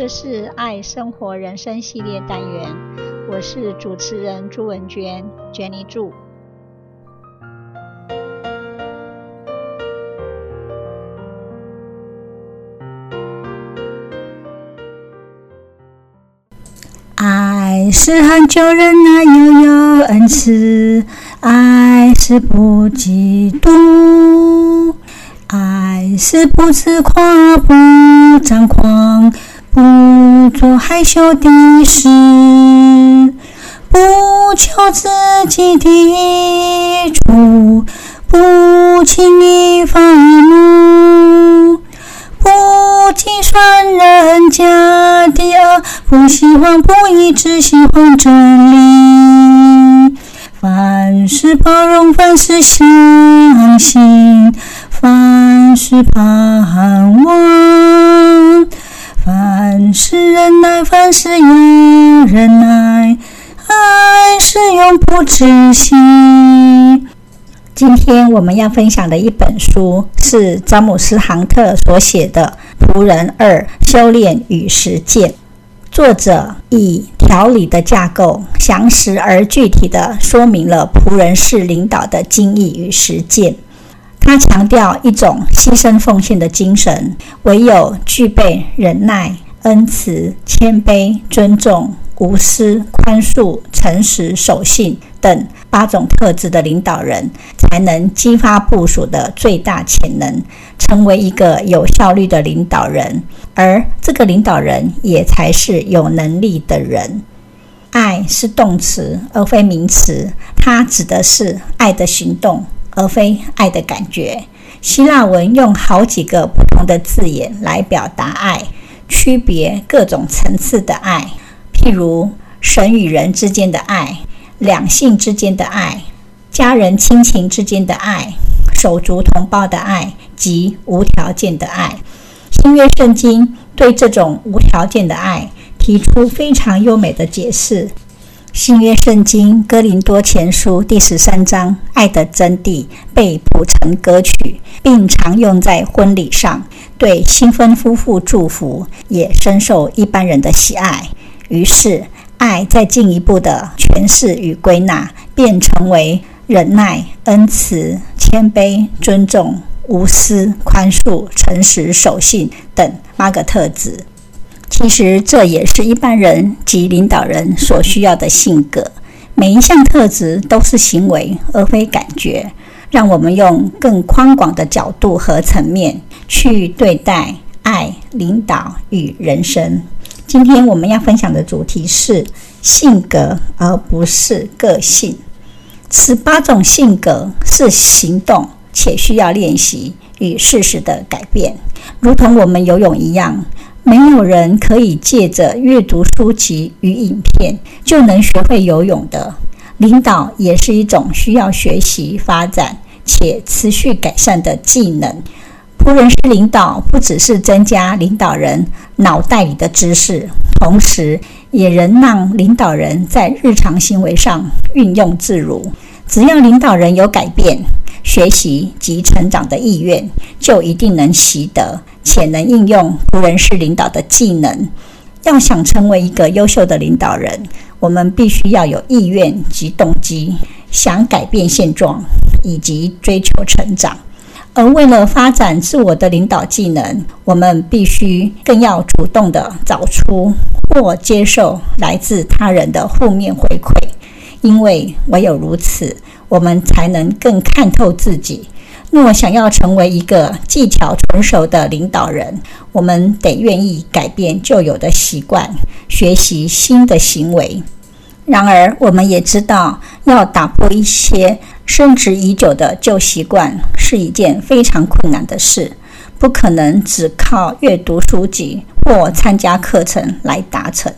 這是愛生活人生系列單元，我是主持人朱文娟，Jenny Chu。愛是恆久忍耐，又有恩慈，愛是不嫉妒，愛是不自誇，不張狂。不做害羞的事，不求自己的益處，不輕易發怒，不計算人家的惡，不喜歡不義，只喜歡真理，凡事包容，凡事相信，凡事盼望。是忍耐，凡事要忍耐，愛是永不止息。今天我們要分享的一本書是詹姆斯·杭特所寫的《僕人二：修煉與實踐》。作者以條理的架構，詳實而具體的說明了僕人式領導的精義與實踐。他強調一種犧牲奉獻的精神，唯有具備忍耐。恩慈、謙卑、尊重、無私、寬恕、誠實、守信等八種特質的領導人才能激發部屬的最大潛能，成為一個有效率的領導人，而這個領導人也才是有能力的人。愛是動詞，而非名詞，它指的是愛的行動，而非愛的感覺。希臘文用好幾個不同的字眼來表達愛。區別各種層次的愛，譬如神與人之間的愛、兩性之間的愛、家人親情之間的愛、手足同胞的愛及無條件的愛。新約聖經對這種無條件的愛提出非常優美的解釋。新約聖經《哥林多前書》第十三章，愛的真諦被譜成歌曲，並常用在婚禮上，對新婚夫婦祝福，也深受一般人的喜愛。於是，愛再進一步的詮釋與歸納，便成為忍耐、恩慈、謙卑、尊重、無私、寬恕、誠實、守信等八個特質。其實，這也是一般人及領導人所需要的性格。每一項特質都是行為，而非感覺。讓我們用更寬廣的角度和層面去對待愛、領導與人生。今天我們要分享的主題是性格，而不是個性。此八種性格是行動，且需要練習與適時的改變，如同我們游泳一樣。沒有人可以借着閱讀書籍與影片就能學會游泳的。領導也是一種需要學習、發展且持續改善的技能。僕人式領導不只是增加領導人腦袋裡的知識，同時也能讓領導人在日常行為上運用自如。只要領導人有改變、學習及成長的意願，就一定能習得。潛能應用僕人式領導的技能。要想成為一個優秀的領導人，我們必須要有意願及動機，想改變現狀以及追求成長。而為了發展自我的領導技能，我們必須更要主動地找出或接受來自他人的負面回饋，因為唯有如此，我們才能更看透自己。若想要成為一個技巧成熟的領導人，我們得願意改變舊有的習慣，學習新的行為。然而，我們也知道，要打破一些深植已久的舊習慣是一件非常困難的事，不可能只靠閱讀書籍或參加課程來達成。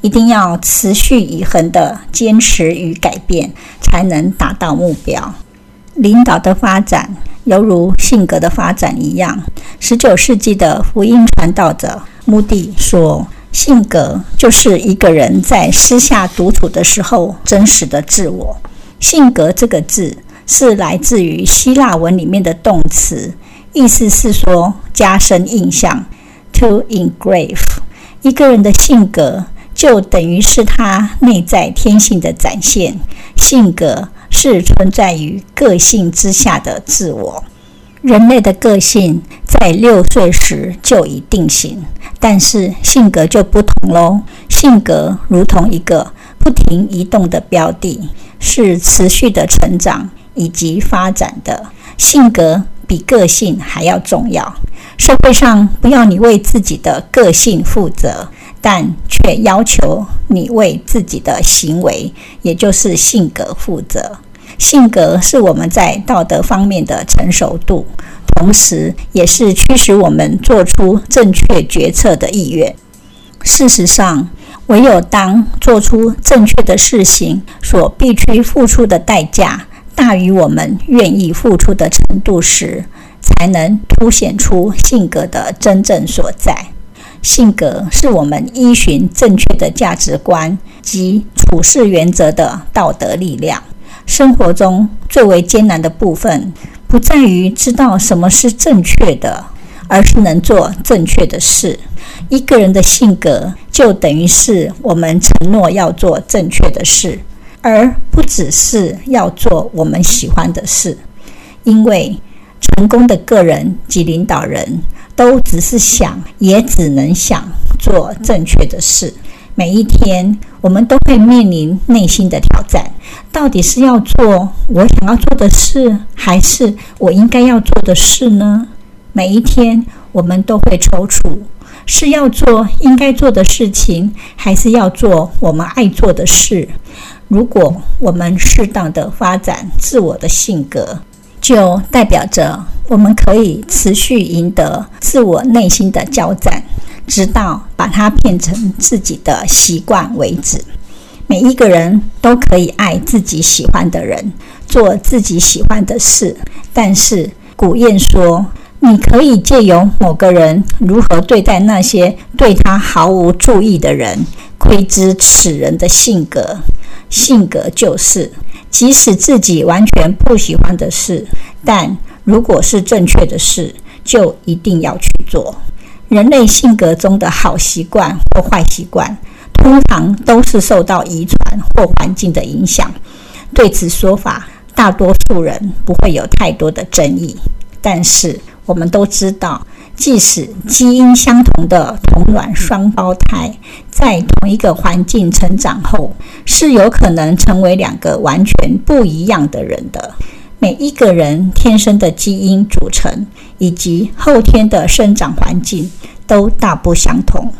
一定要持續以恆地堅持與改變，才能達到目標。領導的發展猶如性格的發展一樣。十九世紀的福音傳道者穆迪說：“性格就是一個人在私下獨處的時候真實的自我。”“性格”這個字是來自於希臘文裡面的動詞，意思是說加深印象 （to engrave）。一個人的性格就等於是他內在天性的展現。性格。是存在於個性之下的自我。人類的個性在六歲時就已定型，但是性格就不同嘍。性格如同一個不停移動的標的，是持續的成長以及發展的。性格比個性還要重要。社會上不要你為自己的個性負責。但卻要求你為自己的行為，也就是性格負責。性格是我們在道德方面的成熟度，同時也是驅使我們做出正確決策的意願。事實上，唯有當做出正確的事情所必須付出的代價大於我們願意付出的程度時，才能凸顯出性格的真正所在。性格是我們依循正確的價值觀及處事原則的道德力量。生活中最為艱難的部分，不在於知道什麼是正確的，而是能做正確的事。一個人的性格，就等於是我們承諾要做正確的事，而不只是要做我們喜歡的事。因為成功的個人及領導人都只是想，也只能想做正確的事。每一天，我們都會面臨內心的挑戰，到底是要做我想要做的事，還是我應該要做的事呢？每一天，我們都會躊躇，是要做應該做的事情，還是要做我們愛做的事？如果我們適當的發展自我的性格，就代表着我們可以持續贏得自我內心的交戰，直到把它變成自己的習慣為止。每一個人都可以愛自己喜歡的人，做自己喜歡的事。但是古諺說：“你可以借由某個人如何對待那些對他毫無注意的人，窺知此人的性格。性格就是。”即使自己完全不喜歡的事，但如果是正確的事，就一定要去做。人類性格中的好習慣或壞習慣，通常都是受到遺傳或環境的影響。對此說法，大多數人不會有太多的爭議。但是，我們都知道，即使基因相同的同卵雙胞胎，在同一個環境成長後，是有可能成為兩個完全不一樣的人的。每一個人天生的基因組成，以及後天的生長環境都大不相同，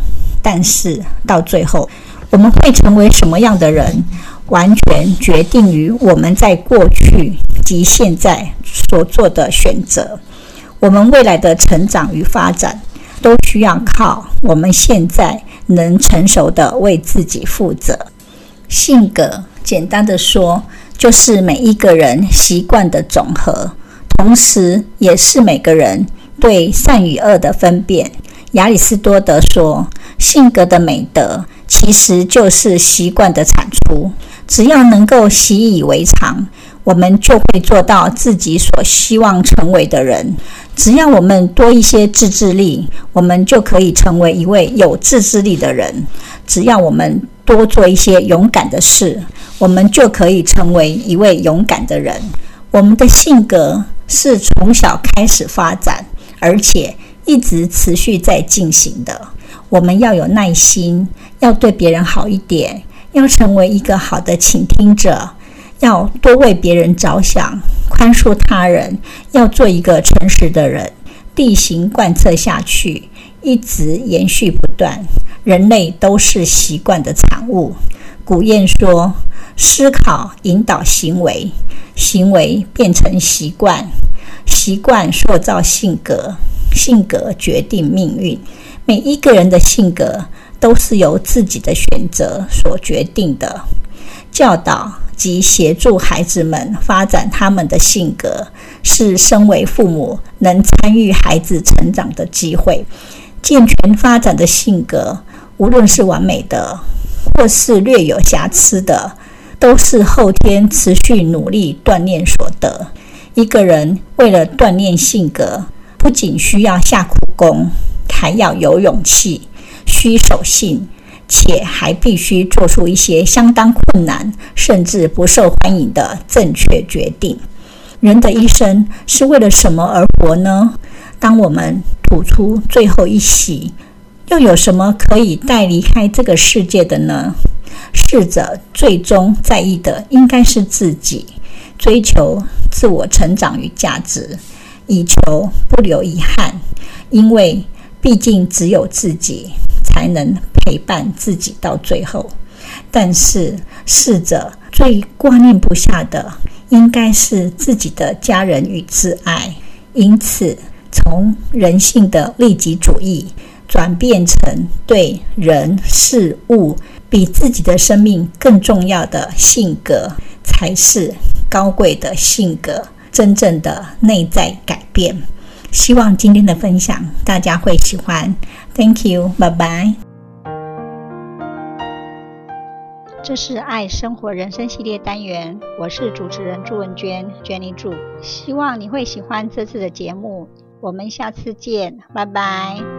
但是到最後，我們會成為什麼樣的人，完全決定於我們在過去及現在所做的選擇。我們未來的成長與發展，都需要靠我們現在。能成熟的為自己負責。性格，簡單的說，就是每一個人習慣的總和，同時也是每個人對善與惡的分辨。亞里士多德說，性格的美德其實就是習慣的產出。只要能夠習以為常，我們就會做到自己所希望成為的人。只要我們多一些自制力，我們就可以成為一位有自制力的人；只要我們多做一些勇敢的事，我們就可以成為一位勇敢的人。我們的性格是從小開始發展，而且一直持續在進行的。我們要有耐心，要對別人好一點，要成為一個好的傾聽者，要多為別人着想。寬恕他人，要做一個誠實的人，例行貫徹下去，一直延續不斷。人類都是習慣的產物。古諺說：“思考引導行為，行為變成習慣，習慣塑造性格，性格決定命運。”每一個人的性格都是由自己的選擇所決定的。教導及協助孩子們發展他們的性格，是身為父母能參與孩子成長的機會。健全發展的性格，無論是完美的，或是略有瑕疵的，都是後天持續努力鍛鍊所得。一個人為了鍛鍊性格，不僅需要下苦功，還要有勇氣，需守信。且還必須做出一些相當困難，甚至不受歡迎的正確決定。人的一生是為了什麼而活呢？當我們吐出最後一息，又有什麼可以帶離開這個世界的呢？逝者最終在意的應該是自己，追求自我成長與價值，以求不留遺憾，因為畢竟只有自己。才能陪伴自己到最後。但是逝者最掛念不下的，應該是自己的家人與摯愛。因此，從人性的利己主義轉變成對人事物比自己的生命更重要的性格，才是高貴的性格。真正的內在改變。希望今天的分享大家會喜歡。Thank you，拜拜。這是《愛生活人生》系列單元，我是主持人朱文娟 （Jenny 朱）。希望你會喜歡這次的節目，我們下次見，拜拜。